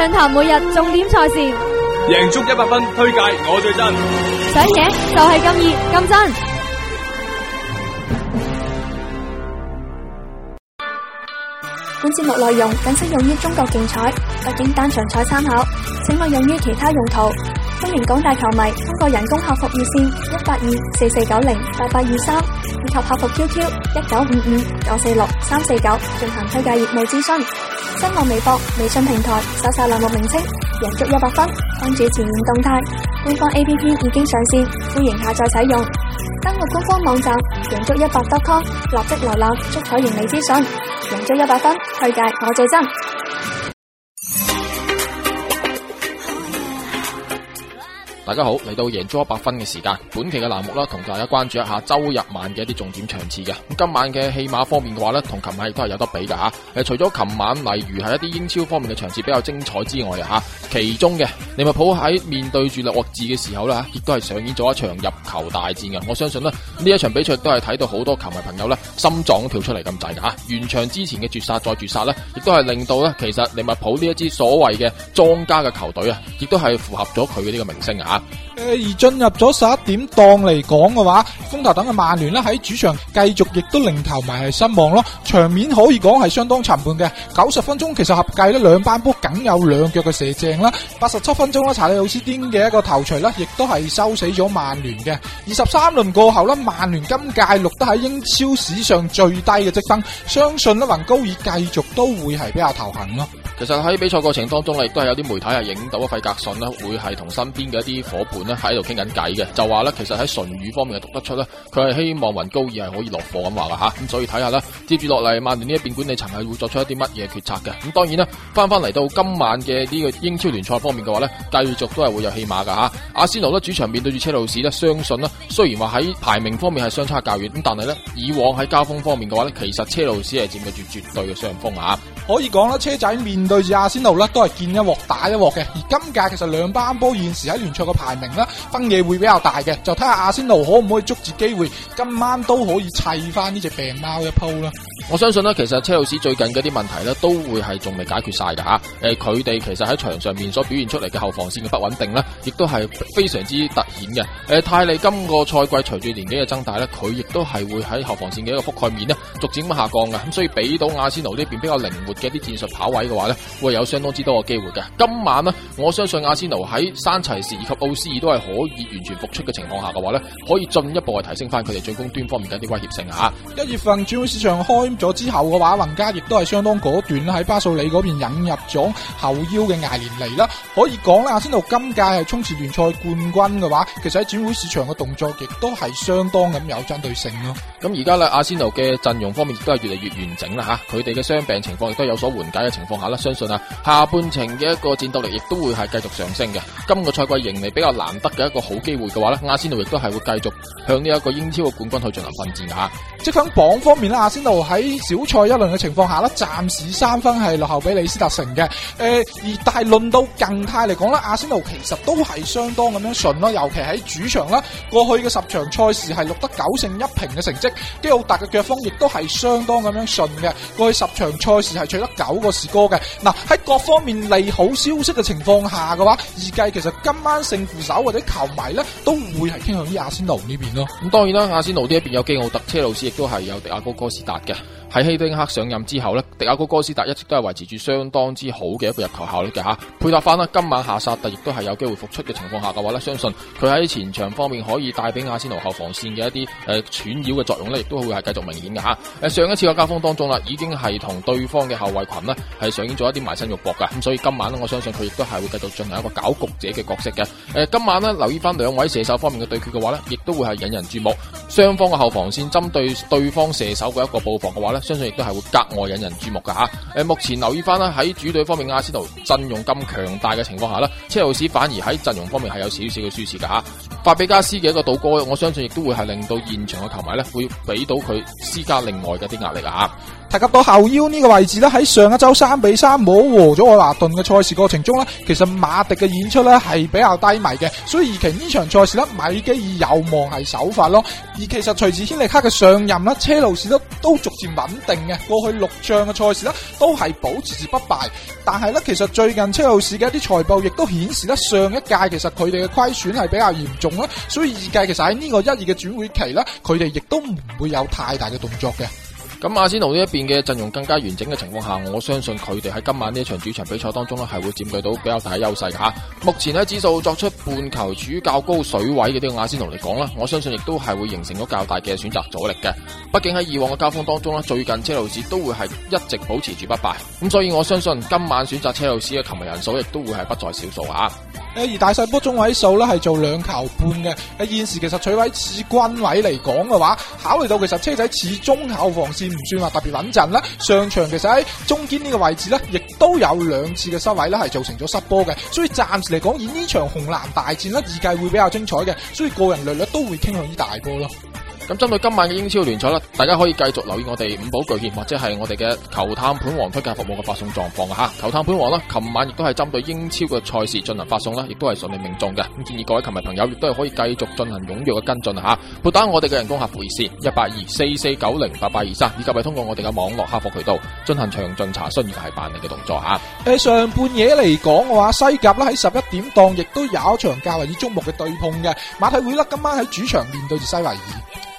上台每日重點賽事，贏足一百分推介，我最真。想贏就係咁易咁真。本節目內容僅適用於中國競彩，北京單場彩參考，請勿用於其他用途。歡迎廣大球迷通過人工客服熱線一八二四四九零八八二三以及客服 QQ 一九五五九四六三四九進行推介業務諮詢。新浪微博、微信平台搜索欄目名稱贏足一百分，關注前沿動態。官方 APP 已經上線，歡迎下載使用。登錄官方網站贏足一百分 .com，立即瀏覽足彩盈利資訊。贏足一百分，推介我最真。大家好，嚟到贏足一百分嘅時間，本期嘅欄目啦，同大家關注一下周日晚嘅一啲重點場次嘅。咁今晚嘅戲碼方面嘅話咧，同琴晚亦都係有得比噶吓。誒，除咗琴晚例如係一啲英超方面嘅場次比較精彩之外嘅、啊、吓。其中嘅利物浦喺面對住劣質嘅時候啦，亦都係上演咗一場入球大戰嘅。我相信啦，呢一場比賽都係睇到好多球迷朋友咧心臟跳出嚟，咁滯嘅吓。完場之前嘅絕殺再絕殺咧，亦都係令到咧其實利物浦呢一支所謂嘅莊家嘅球隊也的啊，亦都係符合咗佢嘅呢個名聲啊。而進入咗十一點檔嚟講嘅話，風頭等嘅曼聯咧，喺主場繼續亦都令球迷失望咯。場面可以講係相當沉悶嘅。九十分鐘其實合計咧兩班波僅有兩腳嘅射正啦。八十七分鐘咧，查理奧斯丁嘅一個頭錘咧，亦都係收死咗曼聯嘅。二十三輪過後咧，曼聯今屆錄得喺英超史上最低嘅積分，相信咧，雲高爾繼續都會係比較頭痕咯。其實喺比賽過程當中亦都係有啲媒體係影到阿費格遜咧，會係同身邊嘅一啲夥伴喺度傾緊偈嘅，就話咧其實喺唇語方面係讀得出咧，佢係希望雲高爾係可以落課咁話噶吓，咁、啊、所以睇下咧，接住落嚟曼聯呢一邊管理層係會作出一啲乜嘢決策嘅。咁、啊、當然啦，翻翻嚟到今晚嘅呢個英超聯賽方面嘅話咧，繼續都係會有戲碼噶吓。阿仙奴咧主場面對住車路士咧，相信啦，雖然話喺排名方面係相差較遠，咁但係咧以往喺交鋒方面嘅話咧，其實車路士係佔據住絕對嘅上風啊。可以講啦，車仔面對住阿仙奴咧，都係見一鑊打一鑊嘅。而今屆其實兩班波現時喺聯賽嘅排名分野會比較大嘅，就睇下阿仙奴可唔可以捉住機會，今晚都可以砌翻呢隻病貓一鋪啦。我相信呢，其實車路士最近嗰啲問題呢，都會係仲未解決晒嘅吓。誒、啊，佢哋其實喺場上面所表現出嚟嘅後防線嘅不穩定呢，亦都係非常之突顯嘅。誒、啊，泰利今個賽季隨住年紀嘅增大呢，佢亦都係會喺後防線嘅一個覆蓋面呢，逐漸咁下降嘅。咁所以俾到阿仙奴呢邊比較靈活嘅啲戰術跑位嘅話呢，會有相當之多嘅機會嘅。今晚呢，我相信阿仙奴喺山齊士以及奧斯爾都。係可以完全復出嘅情況下嘅話咧，可以進一步係提升翻佢哋進攻端方面嘅啲威脅性嚇。一月份轉會市場開咗之後嘅話，雲加亦都係相當果斷喺巴素里嗰邊引入咗後腰嘅艾連尼啦。可以講咧，阿仙奴今屆係衝刺聯賽冠軍嘅話，其實喺轉會市場嘅動作亦都係相當咁有針對性咯。咁而家咧，阿仙奴嘅陣容方面亦都係越嚟越完整啦嚇，佢哋嘅傷病情況亦都有所緩解嘅情況下咧，相信啊下半程嘅一個戰鬥力亦都會係繼續上升嘅。今個賽季盈利比較難，得嘅一個好機會嘅話咧，阿仙奴亦都係會繼續向呢一個英超嘅冠軍去進行奮戰嘅吓。積分榜方面呢，阿仙奴喺小賽一輪嘅情況下呢，暫時三分係落後俾李斯特城嘅。誒、呃，而但係論到近態嚟講咧，阿仙奴其實都係相當咁樣順咯，尤其喺主場啦，過去嘅十場賽事係錄得九勝一平嘅成績。基奧達嘅腳風亦都係相當咁樣順嘅，過去十場賽事係取得九個士哥嘅。嗱、呃、喺各方面利好消息嘅情況下嘅話，預計其實今晚勝負手。或者球迷咧，都會係傾向於阿仙奴呢邊咯。咁、嗯、當然啦，阿仙奴呢一邊有基奧特、車路士，亦都係有迪亞哥哥斯達嘅。喺希丁克上任之後呢，迪亞哥哥斯達一直都係維持住相當之好嘅一個入球效率嘅吓，配搭翻啦，今晚夏薩特亦都係有機會復出嘅情況下嘅話呢，相信佢喺前場方面可以帶俾阿仙奴後防線嘅一啲誒纏繞嘅作用呢，亦都會係繼續明顯嘅吓。誒，上一次嘅交鋒當中啦，已經係同對方嘅後衛群呢係上演咗一啲埋身肉搏㗎，咁所以今晚咧，我相信佢亦都係會繼續進行一個搞局者嘅角色嘅。誒，今晚呢，留意翻兩位射手方面嘅對決嘅話呢，亦都會係引人注目。雙方嘅後防線針對對方射手嘅一個布防嘅話咧，相信亦都係會格外引人注目嘅吓。誒，目前留意翻啦，喺主隊方面，阿仙奴陣容咁強大嘅情況下咧，車路士反而喺陣容方面係有少少嘅輸蝕嘅吓。法比加斯嘅一個倒戈，我相信亦都會係令到現場嘅球迷咧，會俾到佢施加另外嘅啲壓力啊吓。提及到後腰呢個位置咧，喺上一周三比三冇和咗愛華頓嘅賽事過程中呢，其實馬迪嘅演出呢係比較低迷嘅，所以而期呢場賽事呢，米基爾有望係首發咯。而其實隨住希利克嘅上任呢，車路士都逐漸穩定嘅。過去六仗嘅賽事呢，都係保持住不敗，但係呢，其實最近車路士嘅一啲財報亦都顯示呢，上一屆其實佢哋嘅虧損係比較嚴重啦，所以預計其實喺呢個一月嘅轉會期呢，佢哋亦都唔會有太大嘅動作嘅。咁阿仙奴呢一邊嘅陣容更加完整嘅情況下，我相信佢哋喺今晚呢一場主場比賽當中呢係會佔據到比較大嘅優勢吓。目前喺指數作出半球處於較高水位嘅呢個阿仙奴嚟講啦，我相信亦都係會形成咗較大嘅選擇阻力嘅。畢竟喺以往嘅交鋒當中呢，最近車路士都會係一直保持住不敗，咁所以我相信今晚選擇車路士嘅球迷人數亦都會係不在少數啊。誒，而大細波中位數咧，係做兩球半嘅。誒，現時其實取位似軍位嚟講嘅話，考慮到其實車仔始終後防線唔算話特別穩陣啦。上場其實喺中堅呢個位置咧，亦都有兩次嘅失位咧，係造成咗失波嘅。所以暫時嚟講，以呢場紅藍大戰咧，預計會比較精彩嘅。所以個人略略都會傾向於大波咯。咁針對今晚嘅英超聯賽啦，大家可以繼續留意我哋五寶巨獻或者係我哋嘅球探盤王推介服務嘅發送狀況吓，球探盤王啦，琴晚亦都係針對英超嘅賽事進行發送啦，亦都係順利命中嘅。咁建議各位球迷朋友亦都係可以繼續進行踊躍嘅跟進啊！吓，撥打我哋嘅人工客服熱線一八二四四九零八八二三，823，以及係通過我哋嘅網絡客服渠道進行詳盡查詢以及係辦理嘅動作吓。誒，上半夜嚟講嘅話，西甲啦喺十一點檔亦都有一場較為矚目嘅對碰嘅，馬體會啦今晚喺主場面對住西維爾。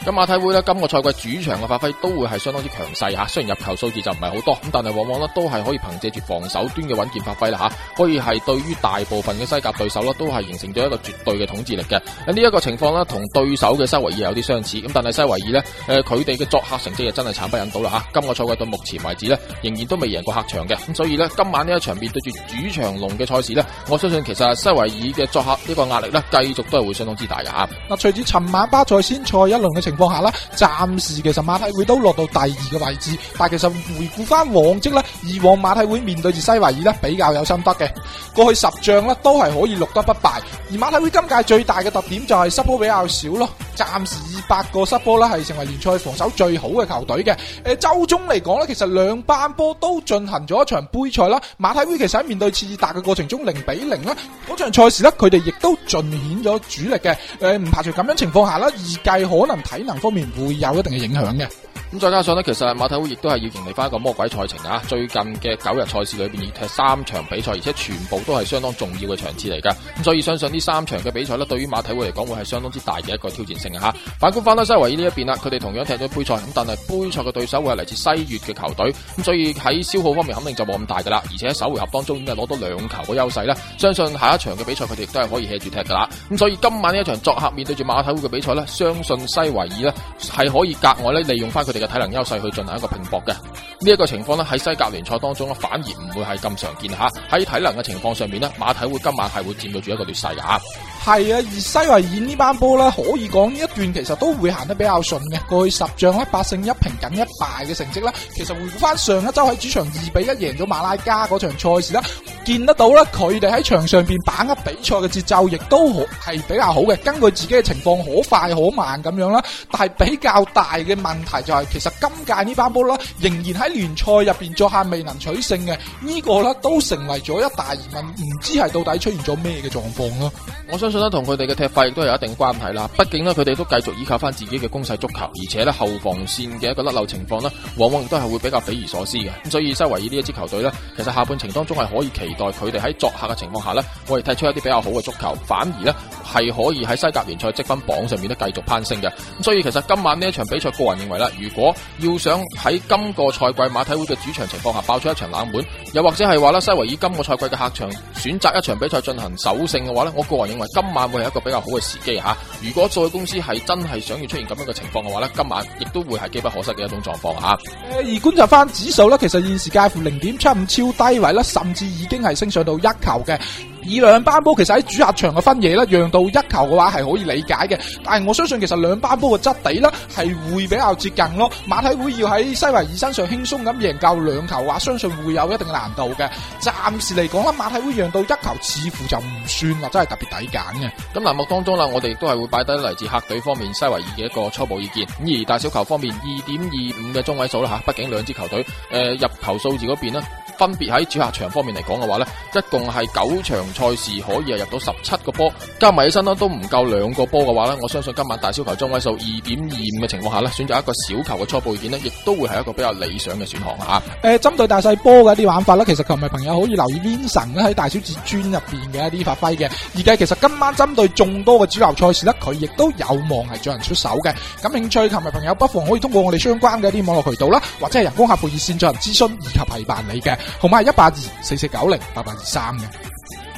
咁馬體會咧，今個賽季主場嘅發揮都會係相當之強勢吓，雖然入球數字就唔係好多，咁但係往往咧都係可以憑借住防守端嘅穩健發揮啦吓，可以係對於大部分嘅西甲對手咧都係形成咗一個絕對嘅統治力嘅。呢一個情況呢，同對手嘅西維爾有啲相似。咁但係西維爾呢，誒佢哋嘅作客成績又真係慘不忍睹啦吓，今個賽季到目前為止呢仍然都未贏過客場嘅，咁所以呢今晚呢一場面對住主場龍嘅賽事呢，我相信其實西維爾嘅作客個壓、呢個壓力咧繼續都係會相當之大嘅。嗱，隨住尋晚巴塞先賽一輪嘅情，情況下啦，暫時其實馬體會都落到第二嘅位置，但其實回顧翻往績咧，以往馬體會面對住西維爾咧比較有心得嘅，過去十仗咧都係可以錄得不敗。而馬體會今屆最大嘅特點就係失波比較少咯，暫時二百個失波啦，係成為聯賽防守最好嘅球隊嘅。誒、呃，周中嚟講咧，其實兩班波都進行咗一場杯賽啦。馬體會其實喺面對次次達嘅過程中零比零啦，嗰場賽事呢，佢哋亦都盡顯咗主力嘅。誒、呃，唔排除咁樣情況下啦，預計可能體能方面會有一定嘅影響嘅。咁再加上咧，其實馬體會亦都係要迎嚟翻一個魔鬼賽程啊！最近嘅九日賽事裏邊已踢三場比賽，而且全部都係相當重要嘅場次嚟噶。咁所以相信呢三場嘅比賽咧，對於馬體會嚟講，會係相當之大嘅一個挑戰性吓、啊，反觀翻到西維爾呢一邊啦，佢哋同樣踢咗杯賽，咁但係杯賽嘅對手會係嚟自西越嘅球隊，咁所以喺消耗方面肯定就冇咁大噶啦。而且喺首回合當中已經係攞到兩球嘅優勢咧，相信下一場嘅比賽佢哋亦都係可以 hea 住踢噶啦。咁所以今晚呢一場作客面對住馬體會嘅比賽咧，相信西維爾咧係可以格外咧利用翻佢哋。嘅體能優勢去進行一個拼搏嘅。呢一個情況呢，喺西甲聯賽當中呢，反而唔會係咁常見吓，喺體能嘅情況上面呢，馬體會今晚係會佔到住一個劣勢嘅吓。係啊，而西維爾呢班波呢，可以講呢一段其實都會行得比較順嘅，過去十仗咧八勝一平緊一敗嘅成績啦。其實回顧翻上一周喺主場二比一贏咗馬拉加嗰場賽事啦，見得到啦，佢哋喺場上邊把握比賽嘅節奏，亦都係比較好嘅，根據自己嘅情況好快好慢咁樣啦。但係比較大嘅問題就係，其實今屆呢班波咧仍然喺。聯賽入邊作客未能取勝嘅、這個、呢個咧，都成為咗一大疑問，唔知係到底出現咗咩嘅狀況咯。我相信咧，同佢哋嘅踢法亦都有一定關係啦。畢竟咧，佢哋都繼續依靠翻自己嘅攻勢足球，而且咧後防線嘅一個甩漏情況咧，往往亦都係會比較匪夷所思嘅。咁所以西維爾呢一支球隊呢，其實下半程當中係可以期待佢哋喺作客嘅情況下呢，我哋踢出一啲比較好嘅足球，反而呢。係可以喺西甲聯賽積分榜上面咧繼續攀升嘅，所以其實今晚呢一場比賽，個人認為啦，如果要想喺今個賽季馬體會嘅主場情況下爆出一場冷門，又或者係話咧西維爾今個賽季嘅客場選擇一場比賽進行首勝嘅話呢，我個人認為今晚會係一個比較好嘅時機吓。如果賽公司係真係想要出現咁樣嘅情況嘅話呢，今晚亦都會係機不可失嘅一種狀況吓。而觀察翻指數咧，其實現時介乎零點七五超低位啦，甚至已經係升上到一球嘅。以兩班波其實喺主客場嘅分野咧，讓到一球嘅話係可以理解嘅，但係我相信其實兩班波嘅質地咧係會比較接近咯。馬體會要喺西維爾身上輕鬆咁贏夠兩球的話，話相信會有一定嘅難度嘅。暫時嚟講啦，馬體會讓到一球似乎就唔算啦，真係特別抵揀嘅。咁欄目當中啦，我哋亦都係會擺低嚟自客隊方面西維爾嘅一個初步意見。咁而大小球方面，二點二五嘅中位數啦吓，畢竟兩支球隊誒、呃、入球數字嗰邊咧。分別喺主客場方面嚟講嘅話呢，一共係九場賽事可以係入到十七個波，加埋起身啦都唔夠兩個波嘅話呢，我相信今晚大小球中位數二點二五嘅情況下呢，選擇一個小球嘅初步意見呢，亦都會係一個比較理想嘅選項吓。誒、呃，針對大細波嘅一啲玩法呢，其實球迷朋友可以留意 Vincent 咧喺大小至尊入邊嘅一啲發揮嘅，而家其實今晚針對眾多嘅主流賽事呢，佢亦都有望係進行出手嘅。感興趣球迷朋友不妨可以通過我哋相關嘅一啲網絡渠道啦，或者係人工客服熱線進行諮詢以及係辦理嘅。號碼係一八二四四九零八八二三嘅。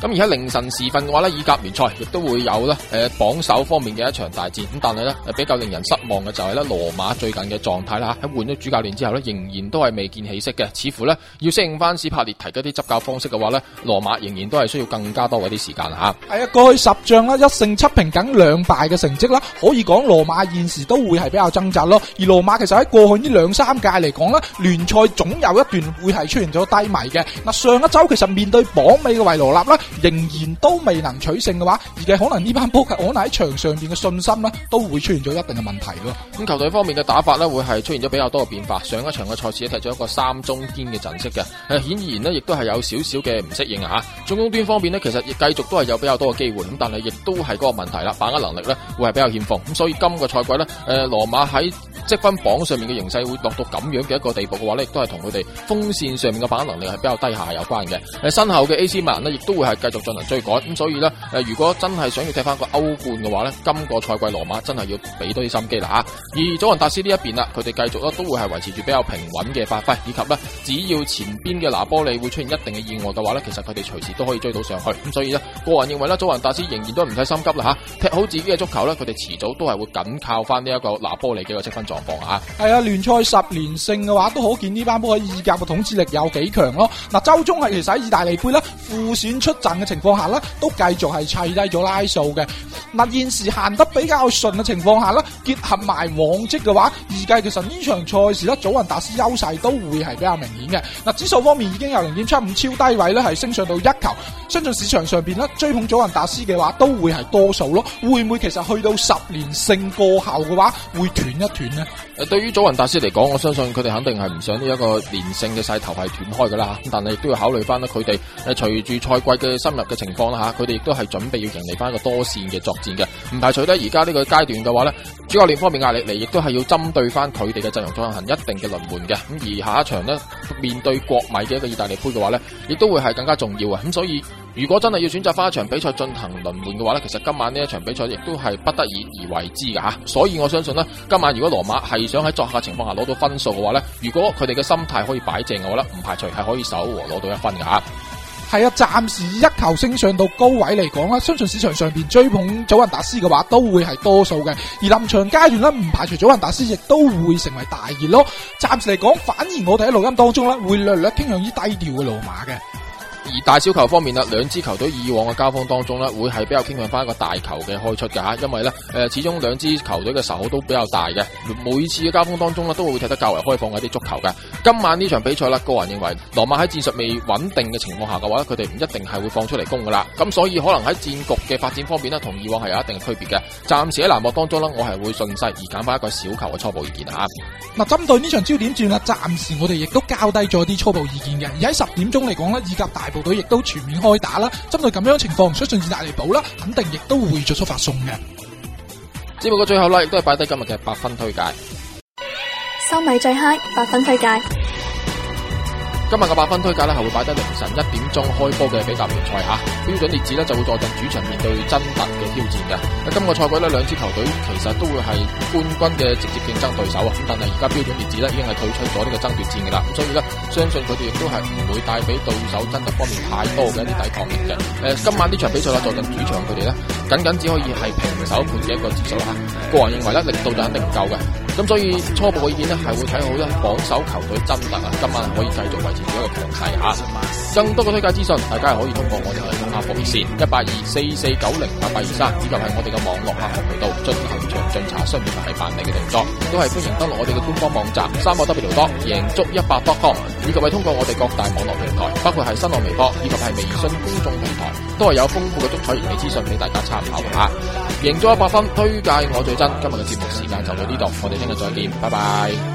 咁而喺凌晨時分嘅話呢，意甲聯賽亦都會有呢，誒，榜首方面嘅一場大戰。咁但係呢比較令人失望嘅就係呢，羅馬最近嘅狀態啦，喺換咗主教練之後呢，仍然都係未見起色嘅。似乎呢，要適應翻史帕列提嗰啲執教方式嘅話呢，羅馬仍然都係需要更加多嗰啲時間吓。係、哎、啊，過去十仗啦，一勝七平僅兩敗嘅成績啦，可以講羅馬現時都會係比較掙扎咯。而羅馬其實喺過去呢兩三屆嚟講呢，聯賽總有一段會係出現咗低迷嘅。嗱，上一周其實面對榜尾嘅維羅納啦。仍然都未能取勝嘅話，而嘅可能呢班撲克，我諗喺場上邊嘅信心咧，都會出現咗一定嘅問題咯。咁球隊方面嘅打法咧，會係出現咗比較多嘅變化。上一場嘅賽事咧，踢咗一個三中堅嘅陣式嘅，誒，顯然咧，亦都係有少少嘅唔適應啊吓。進攻端方面咧，其實亦繼續都係有比較多嘅機會，咁但係亦都係嗰個問題啦，把握能力咧，會係比較欠奉。咁所以今個賽季咧，誒，羅馬喺積分榜上面嘅形勢會落到咁樣嘅一個地步嘅話咧，亦都係同佢哋鋒線上面嘅把握能力係比較低下有關嘅。誒身後嘅 AC 米蘭咧，亦都會係。繼續進行追趕，咁所以咧，誒，如果真係想要踢翻個歐冠嘅話咧，今個賽季羅馬真係要俾多啲心機啦吓。而祖雲達斯呢一邊啦，佢哋繼續咧都會係維持住比較平穩嘅發揮，以及咧，只要前邊嘅拿波利會出現一定嘅意外嘅話咧，其實佢哋隨時都可以追到上去。咁所以咧，個人認為咧，祖雲達斯仍然都唔使心急啦吓，啊，踢好自己嘅足球咧，佢哋遲早都係會緊靠翻呢一個拿波利嘅個積分狀況吓。係啊，聯賽，啊，十連勝嘅話，都可見呢班波喺意甲嘅統治力有幾強咯。嗱，周中係其實喺意大利杯咧，複選出。陣嘅情況下咧，都繼續係砌低咗拉數嘅。嗱，現時行得比較順嘅情況下咧，結合埋往績嘅話，預計其實呢場賽事咧，祖雲達斯優勢都會係比較明顯嘅。嗱，指數方面已經有零點七五超低位咧，係升上到一球。相信市場上邊咧追捧祖雲達斯嘅話，都會係多數咯。會唔會其實去到十年勝過後嘅話，會斷一斷呢？誒，對於祖雲達斯嚟講，我相信佢哋肯定係唔想呢一個連勝嘅勢頭係斷開噶啦吓，但係亦都要考慮翻咧，佢哋誒隨住賽季嘅深入嘅情況啦吓，佢哋亦都係準備要迎嚟翻一個多綫嘅作戰嘅，唔排除咧而家呢個階段嘅話咧，主教練方面壓力嚟，亦都係要針對翻佢哋嘅陣容進行一定嘅輪換嘅，咁而下一場咧，面對國米嘅一個意大利杯嘅話咧，亦都會係更加重要啊，咁所以。如果真係要選擇翻一場比賽進行輪換嘅話呢，其實今晚呢一場比賽亦都係不得已而為之嘅吓。所以我相信呢，今晚如果羅馬係想喺作客情況下攞到分數嘅話呢，如果佢哋嘅心態可以擺正嘅話呢，唔排除係可以守和攞到一分嘅吓。係啊，暫時一球升上到高位嚟講啦，相信市場上邊追捧祖雲達斯嘅話都會係多數嘅。而臨場階段呢，唔排除祖雲達斯亦都會成為大熱咯。暫時嚟講，反而我哋喺錄音當中呢，會略略傾向於低調嘅羅馬嘅。而大小球方面啦，兩支球隊以往嘅交鋒當中咧，會係比較傾向翻一個大球嘅開出嘅吓，因為咧，誒、呃，始終兩支球隊嘅仇口都比較大嘅，每次嘅交鋒當中咧，都會踢得較為開放嘅一啲足球嘅。今晚呢場比賽啦，個人認為羅馬喺戰術未穩定嘅情況下嘅話，佢哋唔一定係會放出嚟攻噶啦，咁所以可能喺戰局嘅發展方面咧，同以往係有一定嘅區別嘅。暫時喺欄目當中咧，我係會順勢而揀翻一個小球嘅初步意見啊。嗱，針對呢場焦點戰啦，暫時我哋亦都交低咗啲初步意見嘅，而喺十點鐘嚟講咧，以及大部隊亦都全面開打啦，針對咁樣情況，所以順住大利寶啦，肯定亦都會作出發送嘅。只不過最後啦，亦都係擺低今日嘅八分推介，收米最嗨，八分推介。今日嘅八分推介咧，係會擺低凌晨一點鐘開波嘅比較聯賽吓，標準列子，啊，咧就會坐鎮主場面對真特嘅挑戰嘅，啊。今個賽季呢，兩支球隊其實都會係冠軍嘅直接競爭對手啊。但係而家標準列子咧，已經係退出咗呢個爭奪戰噶啦，咁所以咧，相信佢哋亦都係唔會帶俾對手真特方面太多嘅一啲抵抗力嘅。誒、啊，今晚呢場比賽啦，坐鎮主場佢哋咧，僅僅只可以係平手盤嘅一個指數。啦、啊。個人認為咧，力度就肯定唔夠嘅。咁所以初步嘅意見咧，係會睇好咧榜首球隊真特啊，今晚可以繼續維持。一個強係吓，更多嘅推介資訊，大家係可以通過我哋嘅客服熱線一八二四四九零八八二三，1, 2, 4, 4, 9, 0, 8, 2, 3, 以及係我哋嘅網絡客服渠道進行詳盡查詢同埋係辦理嘅動作，都係歡迎登錄我哋嘅官方網站三個 w 多贏足 100FUN，以及係通過我哋各大網絡平台，包括係新浪微博以及係微信公眾平台，都係有豐富嘅足彩盈利資訊俾大家參考嘅吓。贏咗一百分，推介我最真。今日嘅節目時間就到呢度，我哋聽日再見，拜拜。